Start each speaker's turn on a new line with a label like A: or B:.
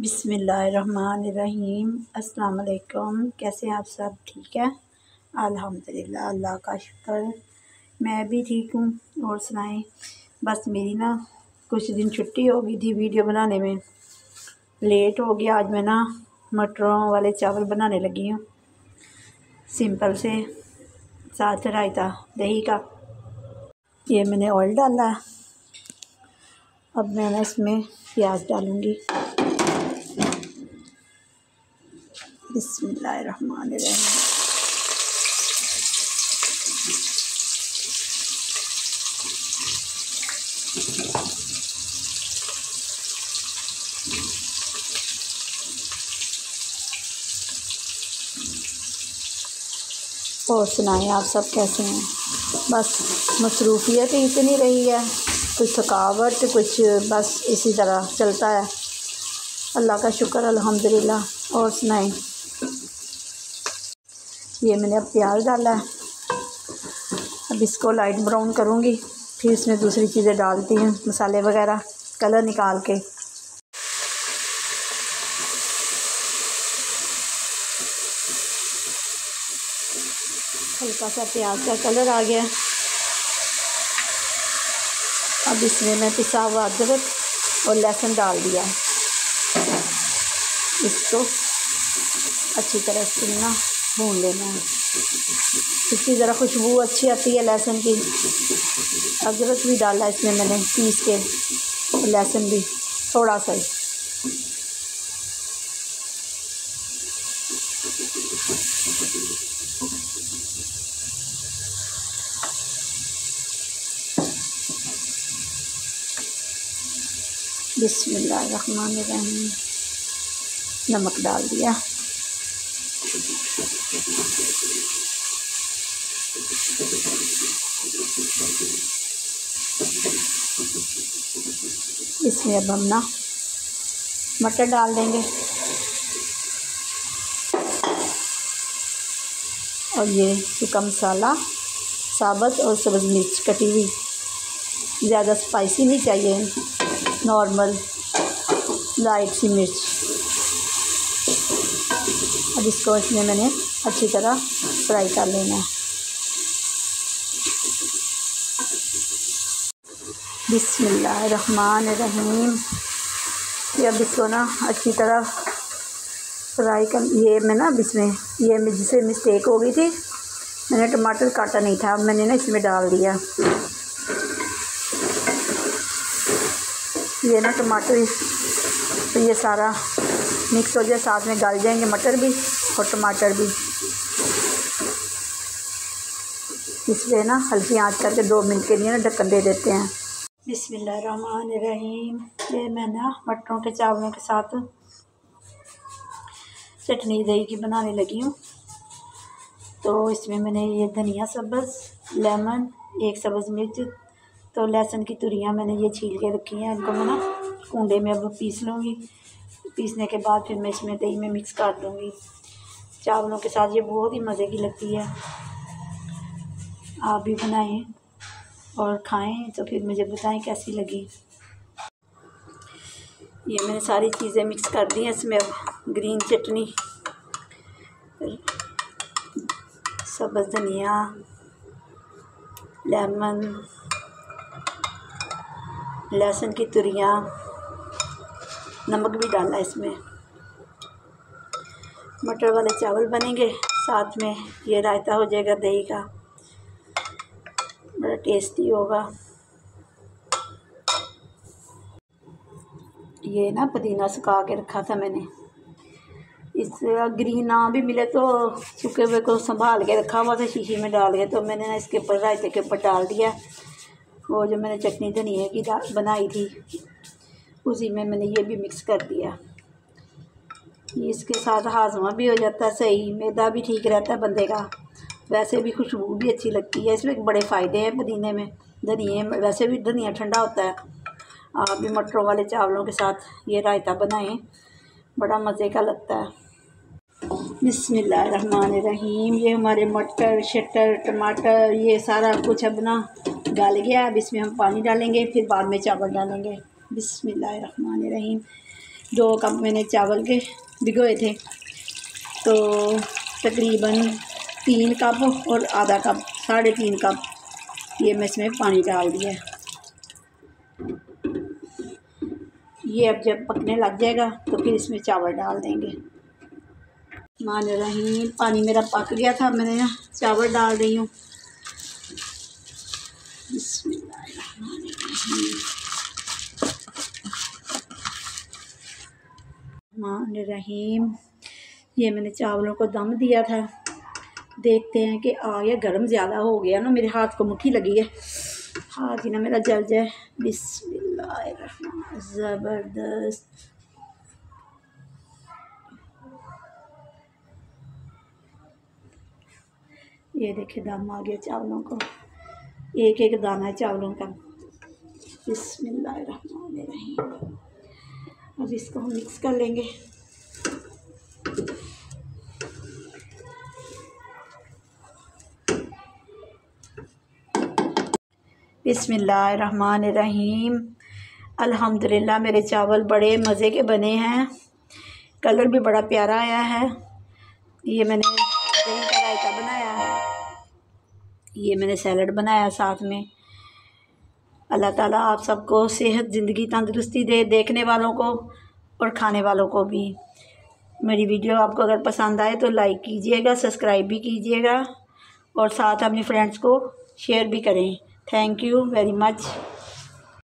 A: बिसमीम अल्लाम कैसे हैं आप सब ठीक है अल्हम्दुलिल्लाह अल्लाह का शुक्र मैं भी ठीक हूँ और सुनाएं बस मेरी ना कुछ दिन छुट्टी हो गई थी वीडियो बनाने में लेट हो गया आज मैं ना मटरों वाले चावल बनाने लगी हूँ सिंपल से साथ रायता दही का ये मैंने ऑयल डाला अब मैं इसमें प्याज डालूँगी बिसमीम और सुनाएं आप सब कैसे हैं बस मसरूफियत ही इतनी रही है कुछ थकावट कुछ बस इसी तरह चलता है अल्लाह का शुक्र अल्हम्दुलिल्लाह और सुनाएं ये मैंने अब प्याज डाला है अब इसको लाइट ब्राउन करूँगी फिर इसमें दूसरी चीज़ें डालती हैं मसाले वगैरह कलर निकाल के हल्का सा प्याज का कलर आ गया अब इसमें मैं पिसा हुआ अदरक और लहसुन डाल दिया इसको अच्छी तरह सुनना भून लेना है इसकी ज़रा खुशबू अच्छी आती है लहसुन की अदरक भी डाला इसमें मैंने पीस के लहसुन भी थोड़ा सा ही बिस्मिल्लाह रहमान रहीम नमक डाल दिया इसमें अब हम ना मटर डाल देंगे और ये सूखा मसाला साबत और सब्ज मिर्च कटी हुई ज़्यादा स्पाइसी नहीं चाहिए नॉर्मल लाइट सी मिर्च अब इसको इसमें मैंने अच्छी तरह फ्राई कर लेना बिसमान रहीम ये अब इसको ना अच्छी तरह फ्राई कर ये मैं ना इसमें ये जिसे मिस्टेक हो गई थी मैंने टमाटर काटा नहीं था मैंने ना इसमें डाल दिया ये ना टमाटर तो ये सारा मिक्स हो जाए साथ में डाल जाएंगे मटर भी और टमाटर भी इसलिए ना हल्की आँच करके दो मिनट के लिए ना ढक्कन दे देते हैं बिसमीम ये मैं ना मटरों के चावलों के साथ चटनी दही की बनाने लगी हूँ तो इसमें मैंने ये धनिया सब्ज़ लेमन एक सब्ज़ मिर्च तो लहसुन की तुरियाँ मैंने ये छील के रखी हैं इनको मैं ना कूडे में अब पीस लूँगी पीसने के बाद फिर मैं इसमें दही में मिक्स कर दूँगी चावलों के साथ ये बहुत ही मज़े की लगती है आप भी बनाएं और खाएं तो फिर मुझे बताएं कैसी लगी ये मैंने सारी चीज़ें मिक्स कर दी हैं इसमें अब ग्रीन चटनी सब्ज़ धनिया लेमन लहसुन की तुरियाँ नमक भी डाला इसमें मटर वाले चावल बनेंगे साथ में ये रायता हो जाएगा दही का टेस्टी होगा ये ना पुदीना सुखा के रखा था मैंने इस ग्रीन ना भी मिले तो सूखे हुए को संभाल के रखा हुआ था शीशी में डाल के तो मैंने ना इसके ऊपर रायते के ऊपर डाल दिया वो जो मैंने चटनी धनिए की बनाई थी उसी में मैंने ये भी मिक्स कर दिया इसके साथ हाजमा भी हो जाता है सही मैदा भी ठीक रहता है बंदे का वैसे भी खुशबू भी अच्छी लगती है इसमें बड़े फ़ायदे हैं पुदीने में धनिए वैसे भी धनिया ठंडा होता है आप भी मटरों वाले चावलों के साथ ये रायता बनाएं बड़ा मज़े का लगता है बिसमीम ये हमारे मटर शटर टमाटर ये सारा कुछ अपना डाल गया अब इसमें हम पानी डालेंगे फिर बाद में चावल डालेंगे बिसमीम दो कप मैंने चावल के भिगोए थे तो तकरीबन तीन कप और आधा कप साढ़े तीन कप ये मैं इसमें पानी डाल दिया ये अब जब पकने लग जाएगा तो फिर इसमें चावल डाल देंगे मान रही पानी मेरा पक गया था मैंने ना चावल डाल रही हूँ मान रहीम ये मैंने चावलों को दम दिया था देखते हैं कि आ गया गर्म ज़्यादा हो गया ना मेरे हाथ को मुट्ठी लगी है हाथ ही ना मेरा जल जाए बिस्मिल्लाह ज़बरदस्त ये देखे दम आ गया चावलों को एक एक दाना है चावलों का बिस्मिल्लाह अब इसको हम मिक्स कर लेंगे बिसमीम अल्हम्दुलिल्लाह मेरे चावल बड़े मज़े के बने हैं कलर भी बड़ा प्यारा आया है ये मैंने दही का रायता बनाया है ये मैंने सैलड बनाया साथ में अल्लाह ताला आप सबको सेहत ज़िंदगी तंदुरुस्ती दे देखने वालों को और खाने वालों को भी मेरी वीडियो आपको अगर पसंद आए तो लाइक कीजिएगा सब्सक्राइब भी कीजिएगा और साथ अपने फ्रेंड्स को शेयर भी करें thank you very much